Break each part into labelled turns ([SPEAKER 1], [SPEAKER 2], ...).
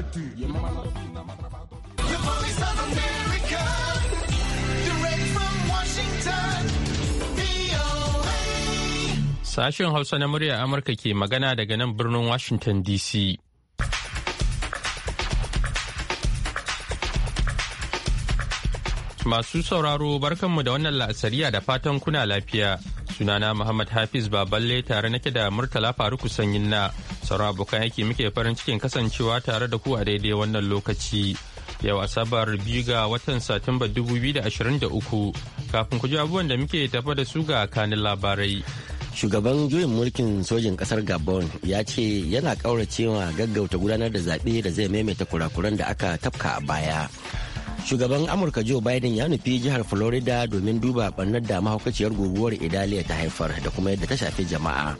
[SPEAKER 1] Sashen
[SPEAKER 2] Hausa na murya Amurka ke magana daga nan birnin Washington DC. Masu sauraro barkanmu da wannan la'asariya da fatan kuna lafiya. Sunana Muhammad Hafiz Baballe tare nake da Murtala Faruku Sanyin na sauran abokan aiki muke farin cikin kasancewa tare da ku a daidai wannan lokaci yau asabar biyu ga watan satumba 2023 kafin ku ji abubuwan da muke tafa da su ga kanin labarai
[SPEAKER 3] shugaban juyin mulkin sojin kasar gabon ya ce yana kauracewa gaggauta gudanar da zaɓe da zai maimaita kurakuran da aka tafka a baya shugaban amurka joe biden ya nufi jihar florida domin duba ɓannar da mahaukaciyar guguwar idaliya ta haifar da kuma yadda ta shafi jama'a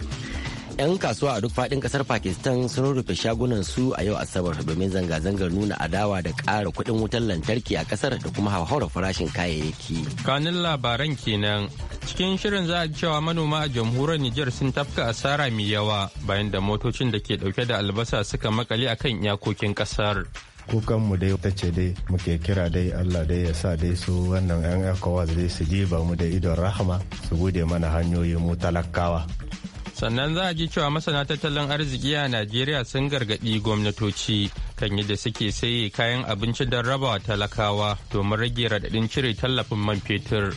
[SPEAKER 3] 'Yan kasuwa a duk faɗin ƙasar Pakistan sun rufe shagunan su a yau Asabar domin zanga-zangar nuna adawa da ƙara kuɗin wutar lantarki a ƙasar da kuma hauhawar farashin kayayyaki.
[SPEAKER 2] Kanin labaran kenan cikin shirin za a ji cewa manoma a jamhuriyar Nijar sun tafka asara mai yawa bayan da motocin da ke ɗauke da albasa suka makale a kan iyakokin ƙasar.
[SPEAKER 4] kukanmu dai ta ce dai muke kira dai Allah dai ya sa dai su wannan 'yan ECOWAS dai su diba mu da idon rahama su bude mana hanyoyi mu talakawa.
[SPEAKER 2] sannan za a ji cewa masana tattalin arziki a najeriya sun gargaɗi gwamnatoci kan yadda suke saye kayan abinci don rabawa talakawa domin rage raɗaɗin cire tallafin man fetur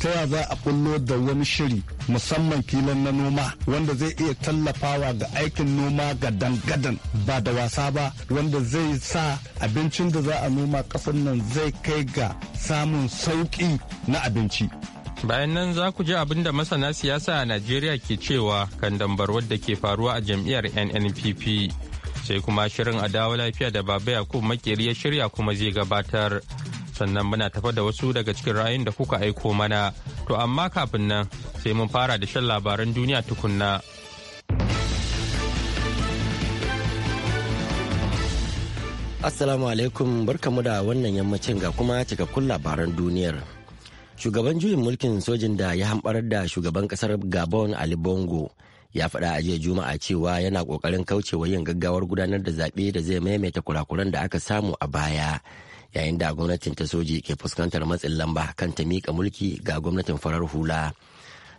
[SPEAKER 5] ta yaya za a kullo da wani shiri musamman filin na noma wanda zai iya tallafawa ga aikin noma ga dangadan ba da wasa ba wanda zai sa abincin da za a noma ƙasar nan zai kai ga samun sauƙi na abinci.
[SPEAKER 2] Bayan nan za ku ji abin da masana siyasa a Najeriya ke cewa kan dambar wadda ke faruwa a jam'iyyar NNPP. Sai kuma shirin adawa lafiya da Baba Yakub makeri ya shirya kuma zai gabatar. Sannan muna tafa da wasu daga cikin ra'ayin da kuka aiko mana. To amma kafin nan sai mun fara da shan labaran duniya
[SPEAKER 3] tukunna. Assalamu alaikum barkamu da wannan yammacin ga kuma cikakkun labaran duniyar. shugaban juyin mulkin sojin da ya hamɓarar da shugaban kasar gabon ali bongo ya faɗa a jiya juma'a cewa yana ƙoƙarin kaucewa yin gaggawar gudanar da zaɓe da zai maimaita kurakuran da aka samu a baya yayin da gwamnatin ta soji ke fuskantar matsin lamba kan ta miƙa mulki ga gwamnatin farar hula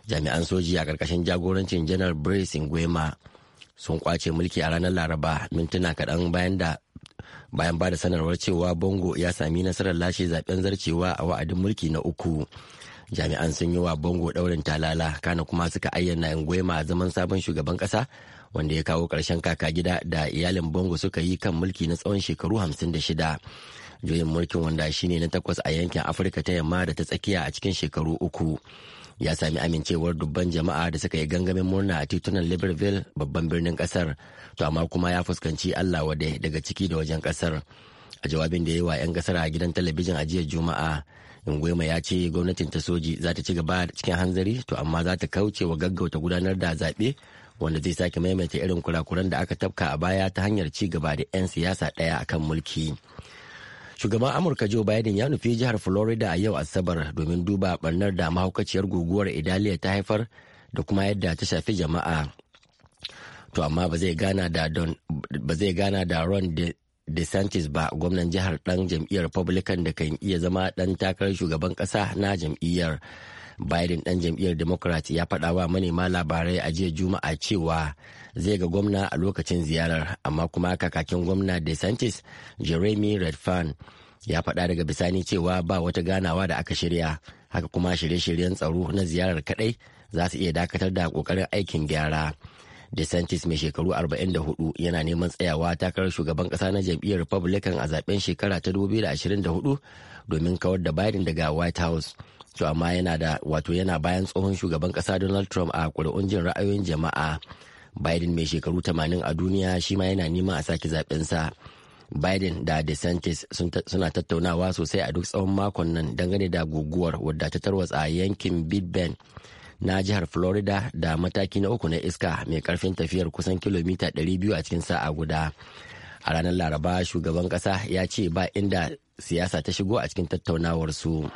[SPEAKER 3] jami'an soji a ƙarƙashin jagorancin janar brace nguema sun ƙwace mulki a ranar laraba mintuna kaɗan bayan da bayan ba da sanarwar cewa bongo ya sami nasarar lashe zaben zarcewa a wa'adin mulki na uku jami'an sun yi wa bongo daurin talala kana kuma suka ayyana yanguema zaman sabon shugaban ƙasa, wanda ya kawo ƙarshen kaka gida da iyalin bongo suka yi kan mulki na tsawon shekaru hamsin da shida, juyin mulkin wanda shine na takwas a yankin afirka ta yamma da ta tsakiya a cikin shekaru uku ya sami amincewar dubban jama'a da suka yi gangamin murna a titunan Liberville babban birnin kasar to amma kuma ya fuskanci allah wade daga ciki da wajen kasar a jawabin da ya yi wa 'yan kasar a gidan talabijin a jiya juma'a ingwema ya ce gwamnatin ta soji za ta ci gaba cikin hanzari to amma za ta kauce wa gaggauta gudanar da zaɓe wanda zai sake maimaita irin kurakuran da aka tafka a baya ta hanyar ci gaba da 'yan siyasa ɗaya akan mulki shugaban amurka joe biden ya nufi jihar florida a yau asabar domin duba barnar da mahaukaciyar guguwar idaliya ta haifar da kuma yadda ta shafi jama'a to amma ba zai gana da ron de santis DeSantis ba gwamnan jihar ɗan jam'iyyar Republican da kan iya zama ɗan takarar shugaban ƙasa na jam'iyyar. biden dan jam'iyyar democrat ya faɗa wa manema labarai a jiya juma'a cewa zai ga gwamna a lokacin ziyarar amma kuma kakakin gwamna desantis jeremy redfern ya faɗa daga bisani cewa ba wata ganawa da aka shirya haka kuma shirye-shiryen tsaro na ziyarar kaɗai za su iya dakatar da kokarin aikin gyara DeSantis mai shekaru 44 yana neman tsayawa takarar shugaban kasa na jam'iyyar Republican a zaben shekara ta 2024 domin kawar da Biden daga White House. to amma yana da wato yana bayan tsohon shugaban kasa donald trump a ƙuri'un jin ra'ayoyin jama'a biden mai shekaru 80 a duniya shi ma yana neman a sake zaɓensa biden da desantis suna tattaunawa sosai a duk tsawon makon nan dangane da guguwar wadda ta tarwatsa yankin big ben na jihar florida da mataki na uku na iska mai karfin tafiyar kusan kilomita 200 a cikin sa'a guda a ranar laraba shugaban kasa ya ce ba inda siyasa ta shigo a cikin tattaunawar su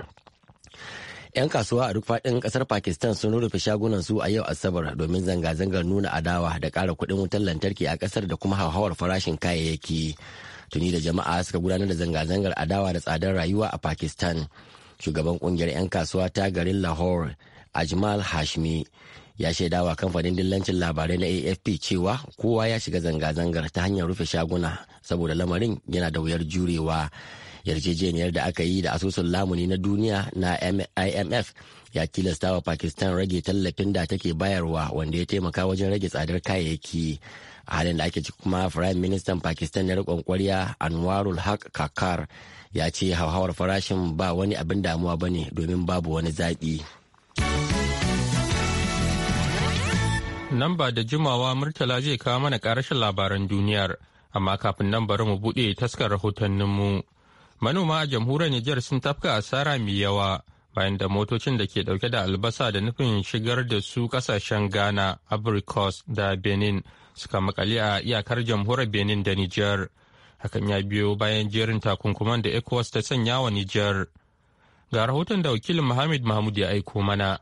[SPEAKER 3] 'Yan kasuwa a duk faɗin ƙasar Pakistan sun rufe shagunan su a yau Asabar domin zanga-zangar nuna adawa da ƙara kuɗin wutar lantarki a ƙasar da kuma hauhawar farashin kayayyaki. Tuni da jama'a suka gudanar da zanga-zangar adawa da tsadar rayuwa a Pakistan. Shugaban ƙungiyar 'yan kasuwa ta garin Lahore, Ajmal Hashmi, ya shaidawa kamfanin dillancin labarai na AFP cewa kowa ya shiga zanga-zangar ta hanyar rufe shaguna saboda lamarin yana da wuyar jurewa. yarjejeniyar da aka yi da asusun lamuni na duniya na imf ya tilasta wa pakistan rage tallafin da take bayarwa wanda ya taimaka wajen rage tsadar kayayyaki a halin da ake ci kuma firayim ministan pakistan na riƙon kwarya anwarul haq kakar ya ce hauhawar farashin ba wani abin damuwa ba ne domin babu wani zaɓi
[SPEAKER 2] nan ba da jimawa murtala zai kawo mana ƙarashin labaran duniyar amma kafin nan bari mu buɗe taskar rahotanninmu. manoma a jamhuriyar Nijar sun tafka asara mai yawa bayan da motocin da ke dauke da albasa da nufin shigar da su kasashen Ghana, Abricos da Benin suka makali a iyakar jamhuriyar Benin da Nijar. Hakan ya biyo bayan jerin takunkuman da ECOWAS ta sanya wa Nijar. Ga rahoton da wakilin Muhammad Mahmud ya aiko mana.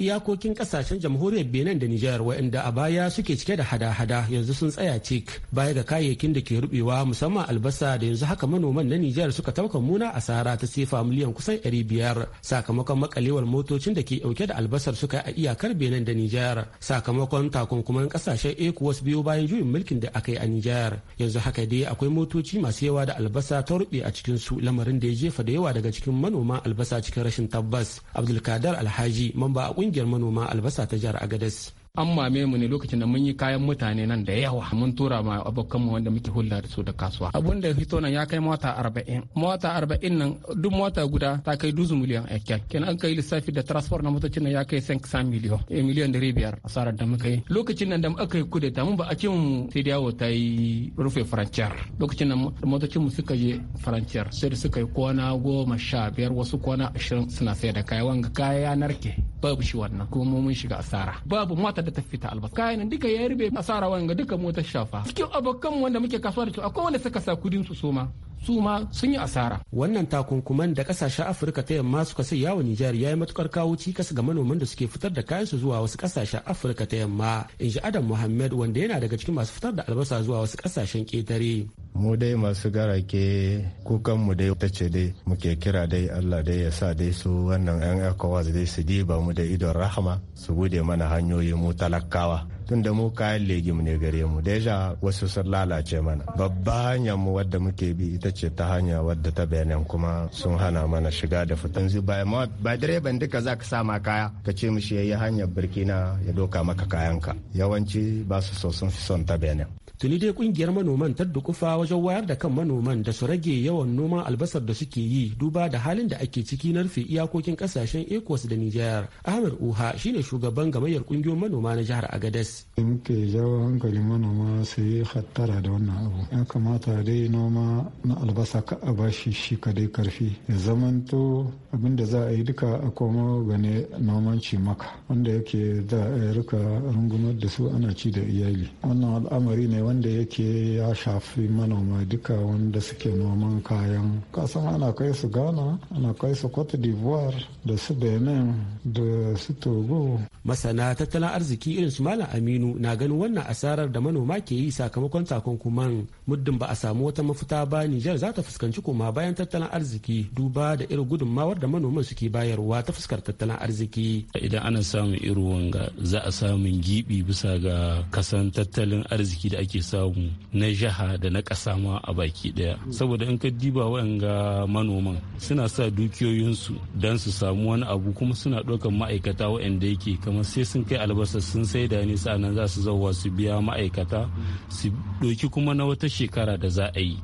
[SPEAKER 6] iyakokin kasashen jamhuriyar benin da nijar waɗanda a baya suke cike da hada-hada yanzu sun tsaya cik baya ga kayayyakin da ke rubewa musamman albasa da yanzu haka manoman na nijar suka tauka muna asara ta sefa miliyan kusan 500 sakamakon makalewar motocin da ke dauke da albasar suka a iyakar benin da nijar sakamakon takunkuman kasashen ecowas biyu bayan juyin mulkin da aka yi a nijar yanzu haka dai akwai motoci masu yawa da albasa ta rube a cikin su lamarin da ya jefa da yawa daga cikin manoman albasa cikin rashin tabbas abdulkadar alhaji mamba a kungiyar manoma albasa ta jihar agadas an mame mu ne lokacin da mun yi kayan mutane nan da yawa mun tura ma abokanmu wanda muke hulɗa da su da kasuwa abun da fito nan ya kai mota arba'in mota arba'in nan duk mota guda ta kai duzu miliyan aikyar kenan an kai lissafi da transport na motocin nan ya kai 500 eh, miliyan miliyan dari biyar asarar da muka yi lokacin nan da aka yi ta mun ba a ce mu sai dawo ta yi rufe farancer lokacin nan motocin mu suka je farancer sai da suka yi kona goma sha biyar wasu kona ashirin suna sayar da kaya wanga kaya ya narke babu shi wannan kuma mun shiga asara babu mota matar da ta fita albasa kayan duka ya rube asara wanga duka motar shafa cikin abokan wanda muke kasuwa da su akwai wanda suka sa kudin su suma su ma sun yi asara. Wannan takunkuman da kasashen Afirka ta yamma suka sai yawo Nijar ya yi matukar kawo cikas ga manoman da suke fitar da kayan su zuwa wasu kasashen Afirka ta yamma, in ji Adam muhammed wanda yana daga cikin masu fitar da albasa zuwa wasu kasashen
[SPEAKER 4] ketare. mu dai masu garake kukanmu dai ta ce dai muke kira dai allah dai ya sa dai su wannan 'yan ecowas dai su diba mu da idon rahama su bude mana hanyoyi mu talakawa tun da mu kayan legim ne gare mu deja wasu sun lalace mana babba hanyar mu wadda muke bi ita ce ta hanya wadda ta benin kuma sun hana mana shiga da fitan ba direban duka za ka sama kaya ka ce shi yayi hanyar burkina ya doka maka kayanka yawanci ba su so sun fi son ta benin tuni dai kungiyar manoman ta
[SPEAKER 6] dukufa wajen wayar da kan manoman da su rage yawan noman albasar da suke yi duba da halin da ake ciki na rufe iyakokin kasashen ecos da nijar ahmed uha shine shugaban gamayyar kungiyoyin manoma na jihar agades
[SPEAKER 5] muke jawo hankalin manoma su yi hattara da wannan abu ya kamata dai noma na albasa ka a bashi shi dai karfi ya zamanto abin da za a yi duka a komo gane noman cimaka wanda yake za a rika rungumar da su ana ci da iyali wannan al'amari ne wanda yake ya shafi manoma duka wanda suke noman kayan kasan ana kai su ghana ana kai su cote d'ivoire da su benin da su togo
[SPEAKER 6] masana tattalin arziki irin su malam aminu na ganin wannan asarar da manoma ke yi sakamakon takunkuman muddin ba a samu wata mafita ba nijar za ta fuskanci koma bayan tattalin arziki duba da irin gudunmawar da manoman suke bayarwa ta fuskar tattalin arziki idan ana samun irin wanga za a samun gibi bisa ga kasan tattalin arziki da ake ake samu na jiha da na ƙasa ma a baki ɗaya saboda in ka diba waɗanga manoman suna sa dukiyoyinsu don su samu wani abu kuma suna ɗaukar ma'aikata waɗanda yake kamar sai sun kai albasa sun saida ne sa'annan za su zauwa su biya ma'aikata su ɗauki kuma na wata shekara da za a yi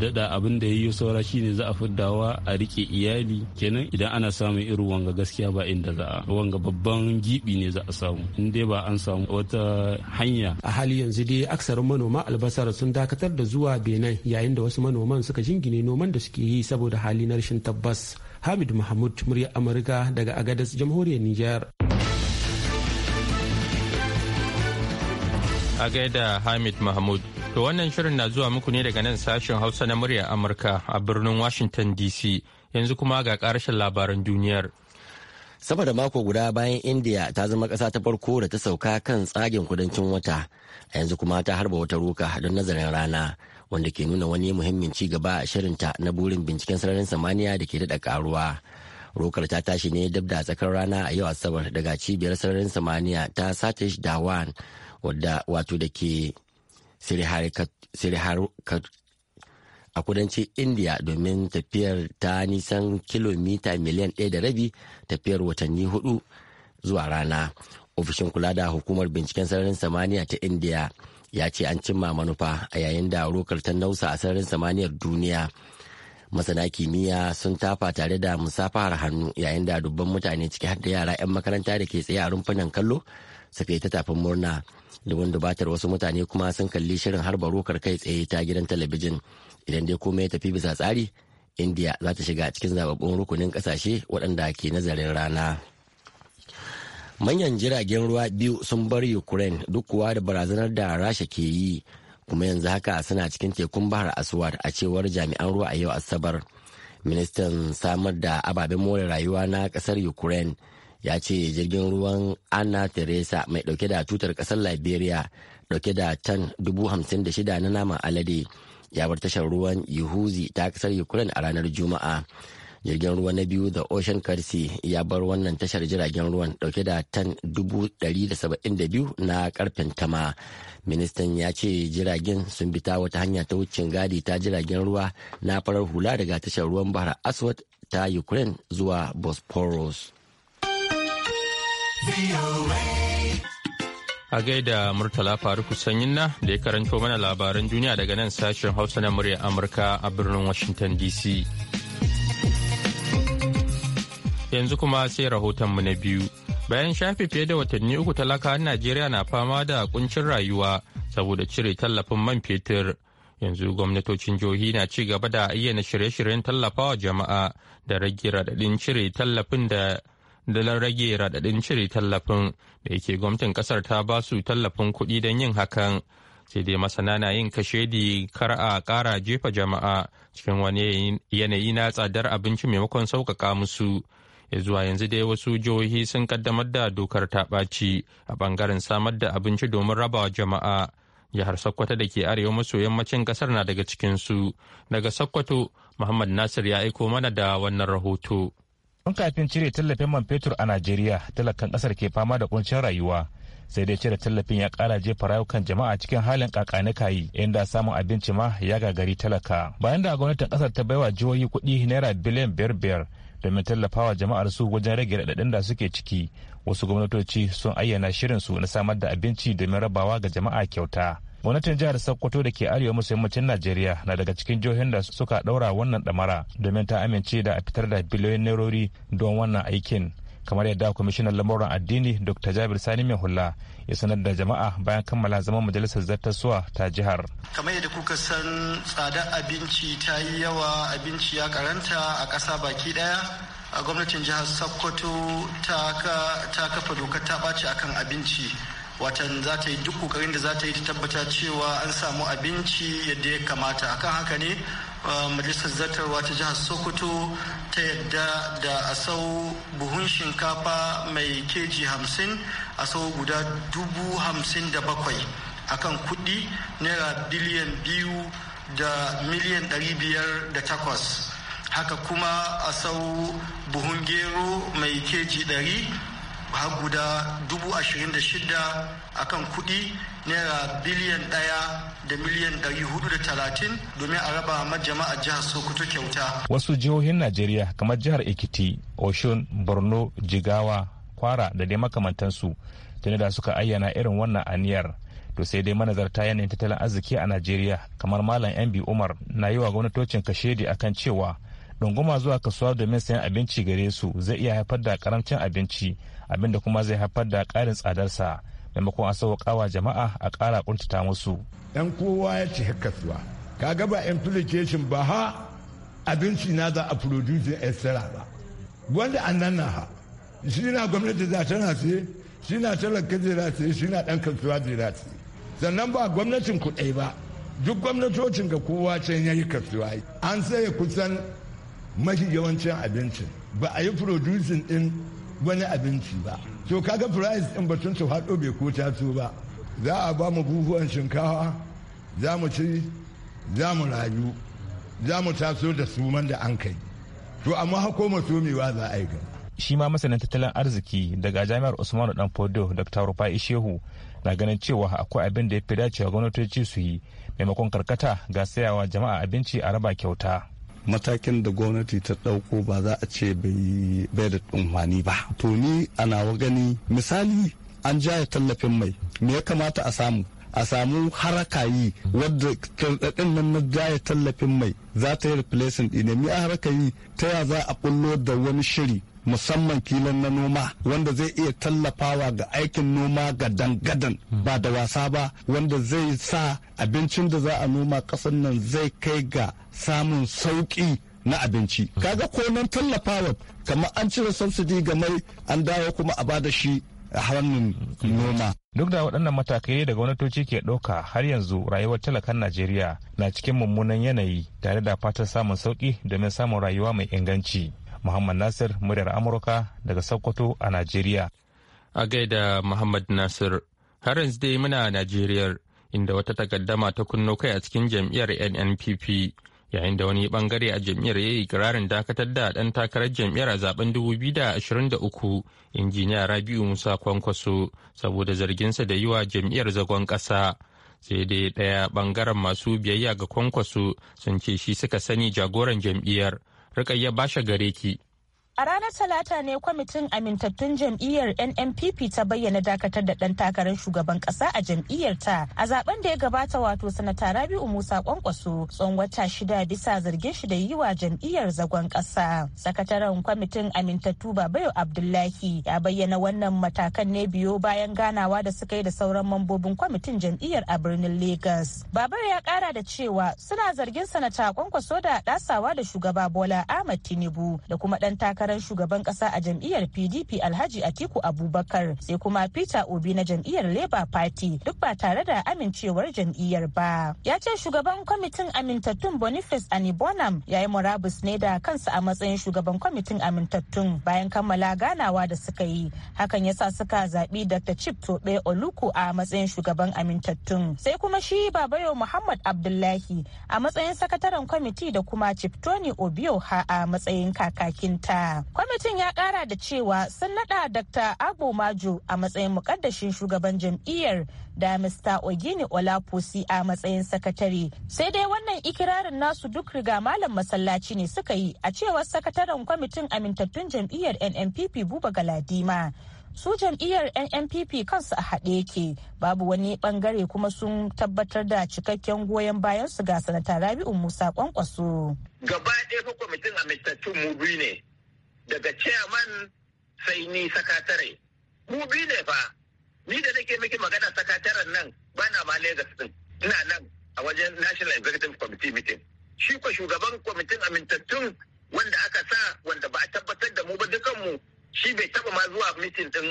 [SPEAKER 6] daɗa abin da ya yi saura ne za a fiddawa a riƙe iyali kenan idan ana samun irin wanga gaskiya ba inda za a wanga babban gibi ne za a samu in dai ba an samu wata hanya a hali yanzu dai aksarin manoma albasar sun dakatar da zuwa benin yayin da wasu manoman suka jingine noman da suke yi saboda hali na rashin tabbas hamid mahmud murya amurka daga agadas jamhuriyar niger
[SPEAKER 2] a gaida hamid mahmud to wannan shirin na zuwa muku ne daga nan sashen hausa na muryar amurka a birnin washington dc yanzu kuma ga karshen
[SPEAKER 3] labaran duniyar sama da mako guda bayan india ta zama ƙasa ta farko da ta sauka kan tsagen kudancin wata a yanzu kuma ta harba wata roka don nazarin rana wanda ke nuna wani muhimmin ci gaba a shirinta na burin binciken sararin samaniya da ke daɗa karuwa rokar ta tashi ne dab da tsakar rana a yau asabar daga cibiyar sararin samaniya ta satish dawan wadda wato da ke a kudancin indiya domin tafiyar ta nisan kilomita miliyan ɗaya da rabi tafiyar watanni hudu zuwa rana ofishin kula da hukumar binciken sararin samaniya ta indiya ya ce an cimma manufa a yayin da rokar ta nausa a sararin samaniyar duniya masana kimiyya sun tafa tare da musafahar hannu yayin da dubban mutane ciki har da yara 'yan makaranta da ke tsaye a rumfunan kallo suka yi ta tafin murna dubin dubatar wasu mutane kuma sun kalli shirin harba rokar kai tsaye ta gidan talabijin idan dai komai ya tafi bisa tsari india za ta shiga cikin zababbun rukunin kasashe waɗanda ke nazarin rana manyan jiragen ruwa biyu sun bar ukraine duk kuwa da barazanar da rasha ke yi kuma yanzu haka suna cikin tekun bahar aswad a cewar jami'an ruwa a yau asabar ministan samar da ababen more rayuwa na kasar ukraine ya ce jirgin ruwan anna teresa mai dauke da tutar kasar liberia dauke da tan 56,000 na naman alade ya bar tashar ruwan Yuhuzi ta kasar Ukraine a ranar Juma'a. Jirgin ruwa na biyu da Ocean karsi ya bar wannan tashar jiragen ruwan dauke da tan 172 na karfen tama. Ministan ya ce jiragen sun bi ta wata hanya ta wucin gadi ta jiragen ruwa na farar hula daga tashar ruwan Bahar Aswad ta Ukraine zuwa Bosporus.
[SPEAKER 2] A gaida Murtala Faruku Sanyinna da ya karanto mana labaran duniya daga nan sashen Hausa na murya Amurka a birnin Washington DC. Yanzu kuma sai rahotonmu na biyu. Bayan shafe fiye da watanni uku talakawan Najeriya na fama da kuncin rayuwa saboda cire tallafin man fetur. yanzu gwamnatocin jihohi na ci gaba da ayyana shirye-shiryen tallafawa jama'a da rage radadin cire tallafin da dalar rage radadin cire tallafin da yake gwamnatin kasar ta ba su tallafin kuɗi don yin hakan sai dai masana na yin kashedi kar a ƙara jefa jama'a cikin wani yanayi na tsadar abinci maimakon sauƙaƙa musu ya zuwa yanzu dai wasu jihohi sun kaddamar da dokar ta ɓaci a ɓangaren samar da abinci domin rabawa jama'a jihar sokoto da ke arewa maso yammacin kasar na daga cikinsu daga sokoto muhammad nasir ya aiko mana da wannan rahoto
[SPEAKER 7] tun kafin cire tallafin man fetur a najeriya talakan kasar ke fama da kuncin rayuwa sai dai cire tallafin ya kara jefa rayukan jama'a cikin halin kakani kayi inda samun abinci ma ya gagari talaka bayan da gwamnatin kasar ta baiwa jihohi kuɗi naira biliyan biyar biyar domin tallafawa jama'ar su wajen rage raɗaɗin da suke ciki wasu gwamnatoci sun ayyana shirin su na samar da abinci domin rabawa ga jama'a kyauta gwamnatin jihar sokoto da ke arewa maso yammacin najeriya na daga cikin jihohin da suka daura wannan damara domin ta amince da a fitar da biliyoyin nerori don wannan aikin kamar yadda kwamishinan lamuran addini dr jabir sani mai hula ya sanar da jama'a bayan kammala zaman majalisar zartaswa ta jihar
[SPEAKER 5] kamar yadda kuka san tsadar abinci ta yi yawa abinci ya karanta a kasa baki daya a gwamnatin jihar sokoto ta kafa doka ta ɓaci akan abinci watan za ta yi duk kokarin da za ta yi ta tabbata cewa an samu abinci yadda ya kamata akan haka ne uh, majalisar zartarwa ta jihar sokoto ta yadda da asau buhun shinkafa mai keji hamsin a sau guda dubu hamsin da bakwai akan kudi naira biliyan biyu da miliyan ɗari biyar da takwas haka kuma asau buhun gero mai keji ɗari har guda dubu ashirin da shida a kan kuɗi naira biliyan ɗaya da miliyan ɗari hudu da talatin domin a raba majama'a jihar sokoto kyauta
[SPEAKER 7] wasu jihohin najeriya kamar jihar ekiti oshun borno jigawa kwara da dai makamantansu tuni da suka ayyana irin wannan aniyar to sai dai manazarta yanayin tattalin arziki a najeriya kamar malam yan umar na yi wa gwamnatocin kashedi akan cewa runguma zuwa kasuwa domin sayan abinci gare su zai iya haifar da karamcin abinci abinda kuma zai haifar da ƙarin tsadarsa maimakon a sauƙawa jama'a a ƙara kuntata musu. ‘Yan kowa ya ci kasuwa,
[SPEAKER 5] ka ga ba implication ba ha abinci na za a producing extra ba. Wanda an nan na ha, shi na gwamnati za ta na shi na talaka zai na shi na ɗan kasuwa zai na Sannan ba gwamnatin kuɗai ba, duk gwamnatocin ga kowa can ya yi kasuwa an sai kusan mafi yawancin abincin ba a yi producing din wani abinci ba to kaga price din batun su haɗo bai ko taso ba za a ba mu buhuwan shinkawa za mu ci za mu rayu za mu taso da suman da an kai
[SPEAKER 7] to amma hako mewa za a yi gaba shi ma masanin tattalin arziki daga jami'ar usmanu dan fodo dr rufai shehu na ganin cewa akwai abin da ya fi dacewa gwamnatoci su yi maimakon karkata ga sayawa jama'a abinci a raba kyauta
[SPEAKER 5] matakin da gwamnati ta ɗauko ba za a ce bai da amfani ba to ni ana wa gani misali an jaya tallafin mai me ya kamata a samu a samu haraka yi wadda karɗaɗin nan na jaya tallafin mai za ta yi replacing ɗine mi a haraka yi ta ya za a bullo da wani shiri musamman kilan na noma wanda zai iya tallafawa ga aikin noma ga dangadan ba da wasa ba wanda zai sa abincin da za a noma ƙasar nan zai kai ga samun sauƙi na abinci kaga ko nan tallafawa kamar an cire subsidy ga mai an dawo kuma a bada shi a hannun noma
[SPEAKER 7] duk da waɗannan matakai da gwamnatoci ke ɗauka har yanzu rayuwar talakan najeriya na cikin mummunan yanayi tare da fatan samun sauki domin samun rayuwa mai inganci Muhammad Nasir muryar Amurka daga Sokoto a Najeriya.
[SPEAKER 2] A gaida Muhammad Nasir, har yanzu dai muna Najeriyar inda wata takaddama ta kunno kai a cikin jam'iyyar NNPP yayin da wani bangare a jam'iyyar ya yi ikirarin dakatar da ɗan takarar jam'iyyar a zaben 2023 injiniya Rabiu Musa Kwankwaso saboda zarginsa da yi wa jam'iyyar zagon ƙasa. sai dai ɗaya ɓangaren masu biyayya ga kwankwaso sun ce shi suka sani jagoran jam'iyyar rikayya basha gare ki.
[SPEAKER 1] A ranar Talata ne kwamitin amintattun jam'iyyar NNPP ta bayyana dakatar da ɗan takarar shugaban ƙasa a jam'iyyar ta a zaben da ya gabata wato sanata Rabi'u Musa Kwankwaso tsawon wata shida bisa zargin shi da yi wa jam'iyyar zagon ƙasa. Sakataren kwamitin amintattu Babayo Abdullahi ya bayyana wannan matakan ne biyo bayan ganawa da suka yi da sauran mambobin kwamitin jam'iyyar a birnin Legas. Babayo ya ƙara da cewa suna zargin sanata Kwankwaso da ɗasawa da shugaba Bola Ahmad Tinubu da kuma ɗan takarar takarar shugaban kasa a jam'iyyar pdp alhaji atiku abubakar sai kuma peter obi na jam'iyyar labour party duk ba tare da amincewar jam'iyyar ba ya ce shugaban kwamitin amintattun boniface anibonam ya yi murabus ne da kansa a matsayin shugaban kwamitin amintattun bayan kammala ganawa da suka yi hakan yasa suka zaɓi dr chip tobe oluku a matsayin shugaban amintattun sai kuma shi babayo muhammad abdullahi a matsayin sakataren kwamiti da kuma tony obio ha a matsayin kakakinta Kwamitin ya kara da cewa sun nada Dr. Abu Maju a matsayin mukaddashin shugaban jam'iyyar da Mr. Ogini Olaposi a matsayin sakatare. Sai dai wannan ikirarin nasu duk riga malam masallaci ne suka yi a cewar sakataren kwamitin amintattun jam'iyyar NNPP Buba Galadima. su jam'iyyar nnpp kansu a haɗe yake babu wani bangare kuma sun tabbatar da cikakken goyon bayan su ga sanata rabi'u musa kwankwaso
[SPEAKER 5] gaba ɗaya fa kwamitin amintattun mu biyu ne daga chairman sai ni sakatare mu bi ne fa ni da nake miki magana sakataren nan ba na ma Legas din ina nan a wajen National Executive Committee meeting shi ko shugaban kwamitin amintattun wanda aka sa wanda ba a tabbatar da mu ba dukan mu shi bai taba ma zuwa meeting din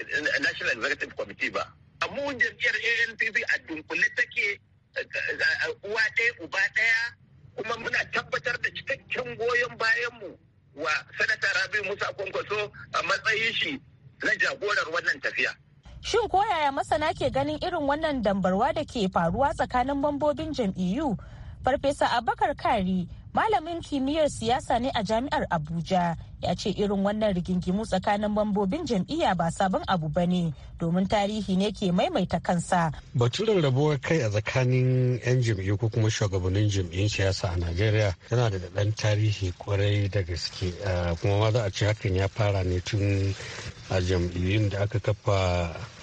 [SPEAKER 5] eh, National Executive Committee ba mun jam'iyyar ANPP a dunkule take eh, eh, uwa ɗaya uba ɗaya kuma muna tabbatar da cikakken goyon bayan mu. wa sanata rabi musa kwankwaso a matsayin shi na jagorar wannan tafiya
[SPEAKER 1] shin ko yaya masana ke ganin irin wannan dambarwa da ke faruwa tsakanin bambobin jam'iyyu farfesa abakar kari malamin kimiyyar siyasa ne a jami'ar abuja ya ce irin wannan rigingimu tsakanin mambobin jam'iyya ba sabon abu ba ne domin tarihi ne ke maimaita kansa
[SPEAKER 8] baturin rabuwar kai a tsakanin 'yan jam'iyyu ko kuma shugabannin jam'iyyun siyasa a najeriya yana da daɗan tarihi kwarai da gaske kuma ma za a ce hakan ya fara ne tun a jam'iyyun da aka kafa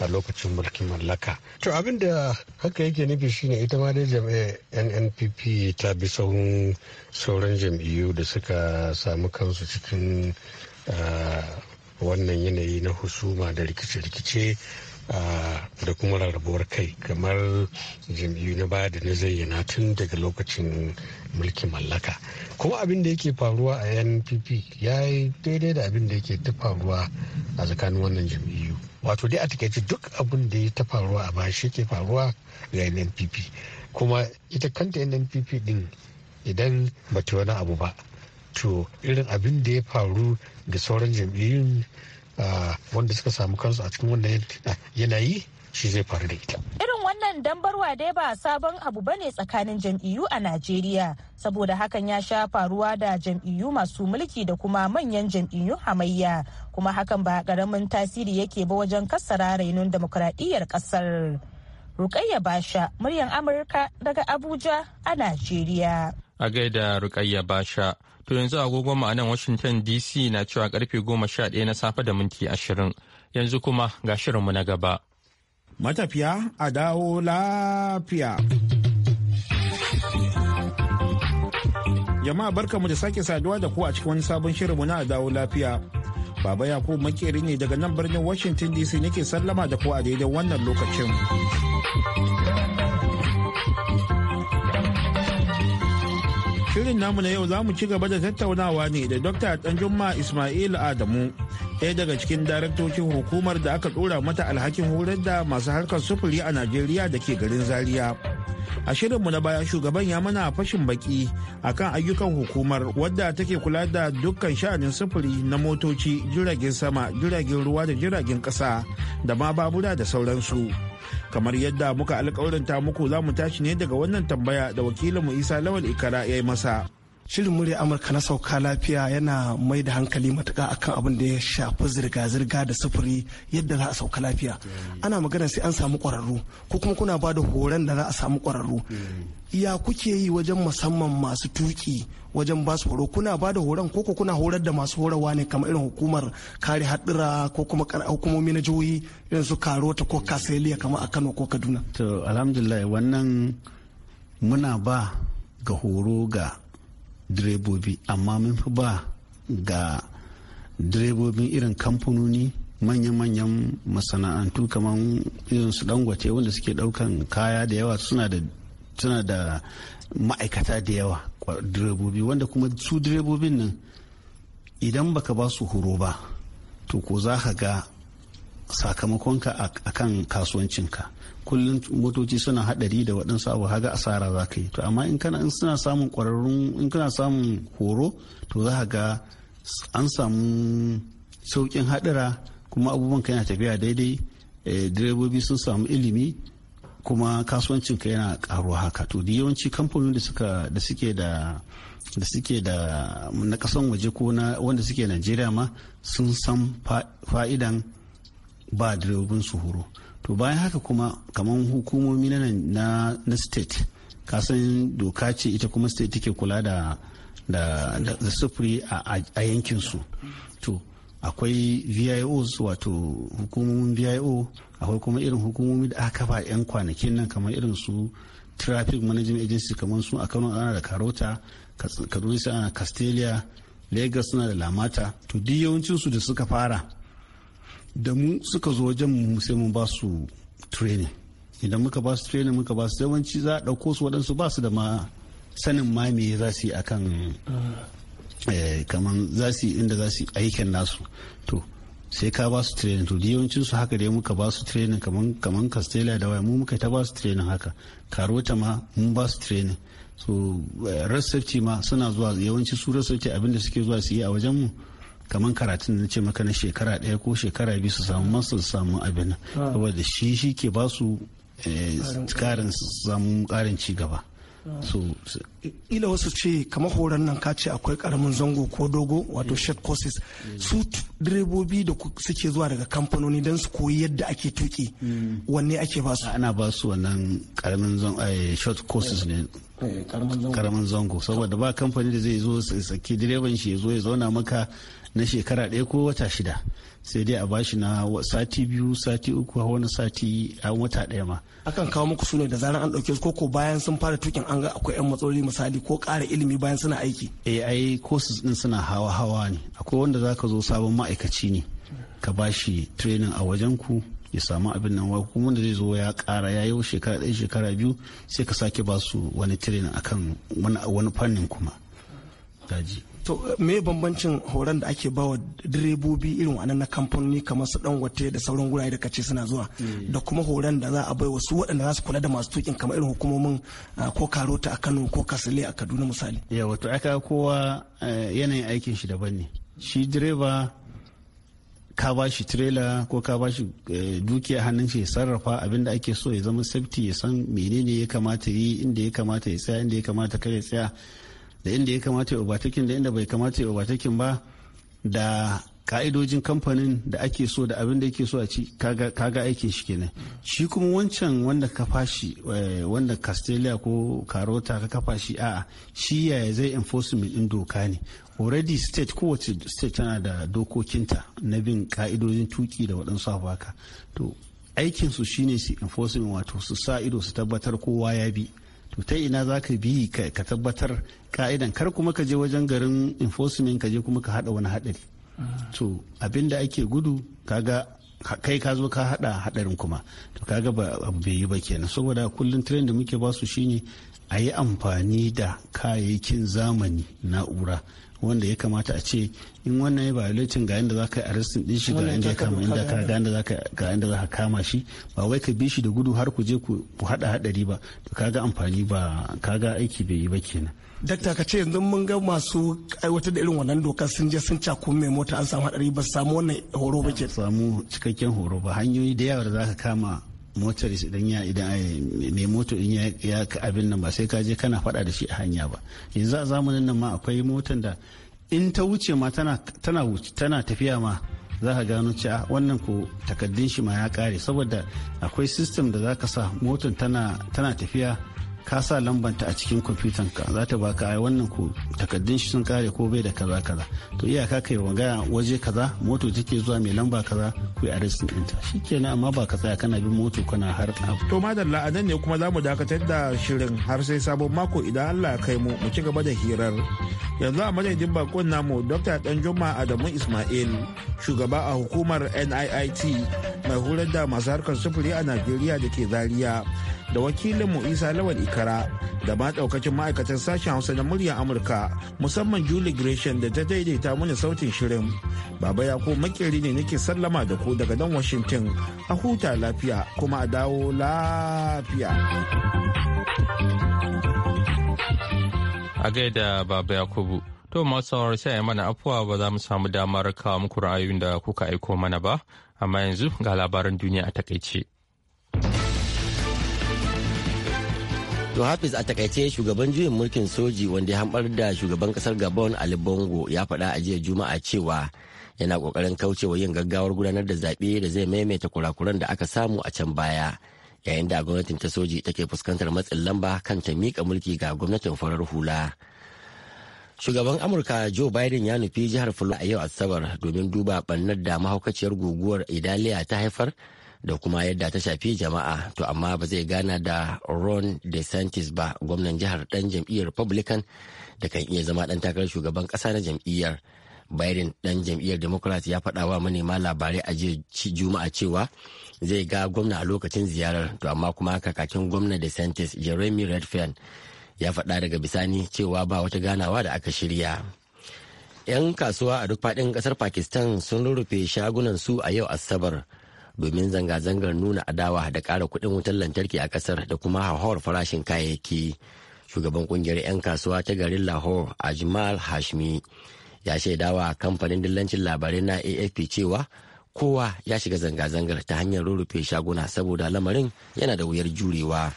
[SPEAKER 8] a lokacin mulkin mallaka. To abin da haka yake nufi shine ita ma dai jam'iyyar NNPP ta bi sahun sauran jam'iyyu da suka samu kansu cikin wannan yanayi na husuma da rikice-rikice da kuma rarrabuwar kai kamar jam'iyyu na baya da na zayyana tun daga lokacin mulkin mallaka kuma abin da yake faruwa a npp ya yi daidai da abin da yake ta faruwa a tsakanin wannan jam'iyyu wato dai a takaice duk abin da ya ta faruwa a baya shi ke faruwa ga npp kuma ita kanta npp din idan ba wani abu ba to irin abin da ya faru da sauran jam'iyyun wanda suka samu kansu a cikin wannan yanayi shi zai faru da ita
[SPEAKER 1] irin wannan dambarwa dai ba sabon abu bane tsakanin jam'iyyu a najeriya saboda hakan ya sha faruwa da jam'iyyu masu mulki da kuma manyan jam'iyyu hamayya kuma hakan ba karamin tasiri yake ba wajen kassara rainon demokuraɗiyyar ƙasar rukayya basha muryan amurka daga abuja a najeriya
[SPEAKER 2] a gaida rukayya basha to yanzu agogon mu a nan washington dc na cewa karfe ɗaya na safe da minti 20 yanzu kuma ga shirinmu na gaba
[SPEAKER 4] matafiya a dawo lafiya jama'a mu da sake saduwa da ku a cikin wani sabon shirinmu na dawo lafiya baba yakubu makeri ne daga nan birnin washington dc nake sallama da ku a daidai wannan lokacin shirin namu na yau za mu ci gaba da tattaunawa ne da Dr. Danjumma Ismail Adamu, ɗaya daga cikin daraktocin hukumar da aka ɗora mata alhakin horar da masu harkar sufuri a Najeriya da ke garin Zaria. A shirinmu na baya shugaban ya mana fashin baki a kan ayyukan hukumar wadda take kula da dukkan sha'anin sufuri na motoci, jiragen sama, jiragen ruwa da jiragen ƙasa da ma babura da sauransu. kamar yadda muka ta muku za mu tashi ne daga wannan tambaya da wakilin mu isa lawal ikara ya yi masa
[SPEAKER 9] shirin murya amurka na sauka lafiya yana mai da hankali matuka akan abin da ya shafi zirga-zirga da sufuri yadda za a sauka lafiya ana magana sai an samu kwararru ko kuma kuna ba da horon da za a samu kwararru ya kuke yi wajen musamman masu tuki wajen basu su horo kuna ba da horon ko kuna horar da masu horarwa ne kamar irin hukumar kare haɗura ko kuma hukumomi na jihohi irin su karota ko kasaliya kamar a kano ko kaduna to alhamdulillah wannan muna ba ga
[SPEAKER 10] horo ga direbobi amma mun fi ba ga direbobin irin kamfanoni manya-manyan masana'antu kamar irin su dangote wanda suke daukan kaya da yawa suna da suna da ma'aikata da yawa direbobi wanda kuma su direbobin nan idan baka ba su horo ba to ko za ka ga sakamakonka a kan kasuwancinka kullum motoci suna hadari da waɗansu abu haga asara za ka yi to amma in kana in suna samun ƙwararrun in kana samun horo to za ka ga an samu sauƙin hadira kuma abubuwan yana tafiya daidai eh, direbobi sun samu ilimi kuma kasuwancin ka yana karuwa haka to da yawanci kamfanin da suka da suke da da suke da na kasan waje ko na wanda suke Najeriya ma sun san fa'idan ba direbobin su horo to bayan haka kuma kamar hukumomi na na, na state kasan doka ce ita kuma state take kula da da, da, sufuri a, a yankin su to akwai vios wato hukumomin vio akwai kuma irin hukumomi da aka kafa yan kwanakin nan kamar irin su traffic management agency kamar su a kano ana da karota kaduna sai ana castelia lagos suna da lamata to duk yawancin su da suka fara da mu suka zo wajen mu sai mun ba su training idan muka ba su training muka ba su yawanci za a ɗauko su waɗansu ba su da ma sanin ma me za su yi akan mm. eh, kaman za su yi inda za su yi aikin nasu to sai ka ba su training to yawancin su haka dai muka ba su training kaman kaman castella da waya mu muka ta ba su training haka karota ma mun ba su training so eh, receipt ma suna zuwa yawanci su rasafci abinda suke zuwa su yi a wajen mu kamar karatun na ce maka na shekara daya ko shekara biyu su samu masu su samu abin ah. saboda shi shi ke ba su karin eh, samun karin ci gaba
[SPEAKER 9] so ila wasu ce kamar horon nan kace akwai karamin zango ko dogo wato short courses su direbobi da suke zuwa daga kamfanoni don su koyi yadda ake tuki mm. wanne
[SPEAKER 10] ake ba su ana ba su wannan karamin eh, short courses ne karamin eh, eh, zango saboda ba kamfani da zai zo saki direban shi ya zo ya zauna maka na shekara ɗaya ko wata shida sai dai a bashi na sati biyu sati uku a wani sati a
[SPEAKER 9] wata ɗaya ma akan kawo muku sune da zaran an ɗauke su ko bayan sun fara tukin an ga akwai yan matsaloli misali ko ƙara ilimi bayan suna aiki
[SPEAKER 10] ai eh, ai courses ɗin suna hawa hawa ne akwai wanda za ka zo sabon ma'aikaci ne ka bashi training a wajen ku ya samu abin nan wai kuma wanda zai zo ya ƙara ya yi shekara ɗaya shekara biyu sai ka sake ba su wani training akan wani fannin kuma daji
[SPEAKER 9] to me bambancin horon da ake bawa direbobi irin wannan na kamfanoni kamar su dan wate da sauran gurare da kace suna zuwa da kuma horon da za a bai wasu waɗanda za su kula da masu tukin kamar irin hukumomin ah, ko karota a Kano ko Kasile a Kaduna misali
[SPEAKER 10] ya wato aka kowa eh, yanayin aikin shi daban ne shi direba ka ba shi trailer ko ka ba shi eh, dukiya hannun shi sarrafa abin da ake so ya zama safety ya san menene ya kamata yi inda ya kamata ya tsaya inda ya kamata kare tsaya da inda ya kamata ya obatakin da inda bai kamata ya obatakin ba da ka'idojin kamfanin da ake so da abin da yake so a ci kaga aikin shi kenan shi kuma wancan wanda ka fashi eh, wanda castelia ko carota ka kafa shi a'a shi yaya zai enforcement din doka ne already state kowace state tana da dokokinta na bin ka'idojin tuki da waɗansu abu to aikinsu shine su enforcement wato su sa ido su tabbatar kowa ya bi to ta ina za ka bi ka tabbatar ka'idan kar kuma ka je wajen garin enforcement ka je kuma ka hada wani hadari to abinda ake gudu kaga kai ka zo ka hada hadarin kuma to kaga ba bai yi ba kenan saboda kullum trend da muke basu shine a yi amfani da kayayyakin zamani na'ura wanda ya kamata a ce in wannan ya violating ga yadda za ka yi arrestin din shi ga yadda ya kama inda ka ga yadda za ka kama shi ba wai ka bi shi
[SPEAKER 9] da gudu har ku je ku hada hadari ba to kaga amfani ba kaga aiki bai yi ba kenan dakta ka ce yanzu mun ga masu aiwatar da irin wannan dokar sun je sun cakun mai mota an samu hadari ba su samu wannan horo ba ke samu cikakken horo ba hanyoyi da yawa da za ka kama motar
[SPEAKER 10] idan ya idan eh, mai motar in ya abin nan ba sai ka je kana fada da shi a hanya ba yanzu a zamanin nan ma akwai motar da in ta wuce ma tana tana tafiya ma za ka gano cewa wannan ko takaddun shi ma ya kare saboda akwai system da za ka sa motar tana tafiya ka sa lambanta a cikin kwamfutan ka za ta baka ai wannan ko takaddun shi sun kare ko bai da kaza kaza to iyaka kai magana waje kaza moto take zuwa mai lamba kaza ku a arrestin ɗinta shikenan amma ba ka tsaya kana bin moto kana har
[SPEAKER 4] to madalla a nan ne kuma za mu dakatar da shirin har sai sabon mako idan Allah ya kai mu mu ci gaba da hirar yanzu a madadin bakon namu dr danjuma adamu ismail shugaba a hukumar niit mai horar da masu harkar sufuri a najeriya da ke zaria da wakilinmu isa lawan ikara da ma daukacin ma'aikatan sashen hausa na murya amurka musamman julie gresham da ta daidaita mana sautin shirin baba ya ko makeri ne nake sallama da ku daga dan washington a huta lafiya kuma a dawo lafiya
[SPEAKER 2] a gaida baba yakubu to masu sauran sai mana afuwa ba za mu samu damar kawo muku ra'ayoyin da kuka aiko mana ba amma yanzu ga labaran duniya a takaice
[SPEAKER 3] To Hafiz a takaice shugaban juyin mulkin soji wanda ya hambar da shugaban kasar Gabon Ali Bongo ya faɗa a jiya Juma'a cewa yana kokarin kaucewa yin gaggawar gudanar da zaɓe da zai maimaita kurakuran da aka samu a can baya. Yayin da gwamnatin ta soji take fuskantar matsin lamba kan ta miƙa mulki ga gwamnatin farar hula. Shugaban Amurka Joe Biden ya nufi jihar Fulani a yau Asabar domin duba ɓannar da mahaukaciyar guguwar Idaliya ta haifar da kuma yadda ta shafi jama'a to amma ba zai gana da ron desantis ba gwamnan jihar dan jam'iyyar republican da kan iya zama dan takarar shugaban kasa na jam'iyyar biden dan jam'iyyar democrat ya faɗa wa manema labarai a jiya juma'a cewa zai ga gwamna a lokacin ziyarar to amma kuma kakakin gwamna desantis jeremy redfern ya faɗa daga bisani cewa ba wata ganawa da aka shirya. 'yan kasuwa a duk faɗin ƙasar pakistan sun rurrufe shagunan su a yau asabar domin zanga-zangar nuna adawa da ƙara kuɗin wutar lantarki a ƙasar da kuma hauhawar farashin kayayyaki shugaban ƙungiyar 'yan kasuwa ta garin lahore ajmal hashmi ya shaidawa kamfanin dillancin labarai na afp cewa kowa ya shiga zanga-zangar ta hanyar rurrufe shaguna saboda lamarin yana da wuyar jurewa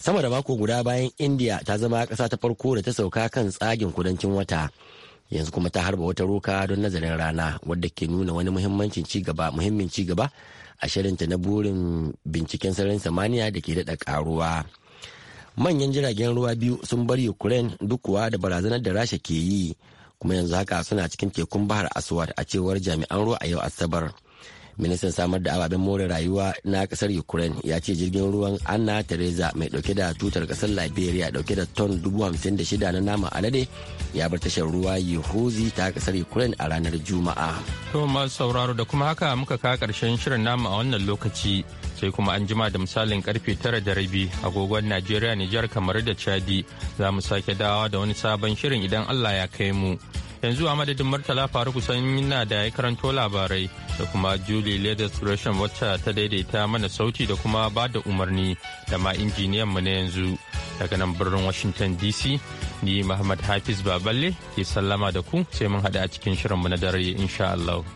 [SPEAKER 3] sama da mako guda bayan india ta zama ƙasa ta farko da ta sauka kan tsagin kudancin wata yanzu kuma ta harba wata roka don nazarin rana wadda ke nuna wani muhimmancin cigaba muhimmin cigaba a shirinta na burin binciken sararin samaniya da ke daɗa karuwa manyan jiragen ruwa biyu sun bar ukraine duk kuwa da barazanar da rasha ke yi kuma yanzu haka suna cikin tekun bahar aswad a cewar jami'an ruwa a yau asabar ministan samar da ababen more rayuwa na kasar ukraine ya ce jirgin ruwan anna teresa mai dauke da tutar kasar liberia dauke da ton 56 na nama alade ya bar tashar ruwa yahuzi ta kasar ukraine a ranar juma'a
[SPEAKER 2] to masu sauraro da kuma haka muka kawo karshen shirin namu a wannan lokaci sai kuma an jima da misalin karfe tara da rabi agogon najeriya nijar kamar da chadi za mu sake dawa da wani sabon shirin idan allah ya kai mu yanzu a madadin martala faruku yana da ya karanto labarai da kuma julie ladis russian wacce ta daidaita mana sauti da kuma ba da umarni da ma injiniyan mu na yanzu daga nan birnin washington dc ni muhammad hafiz baballe ke sallama da ku sai mun haɗu a cikin shirin mu na dare insha allah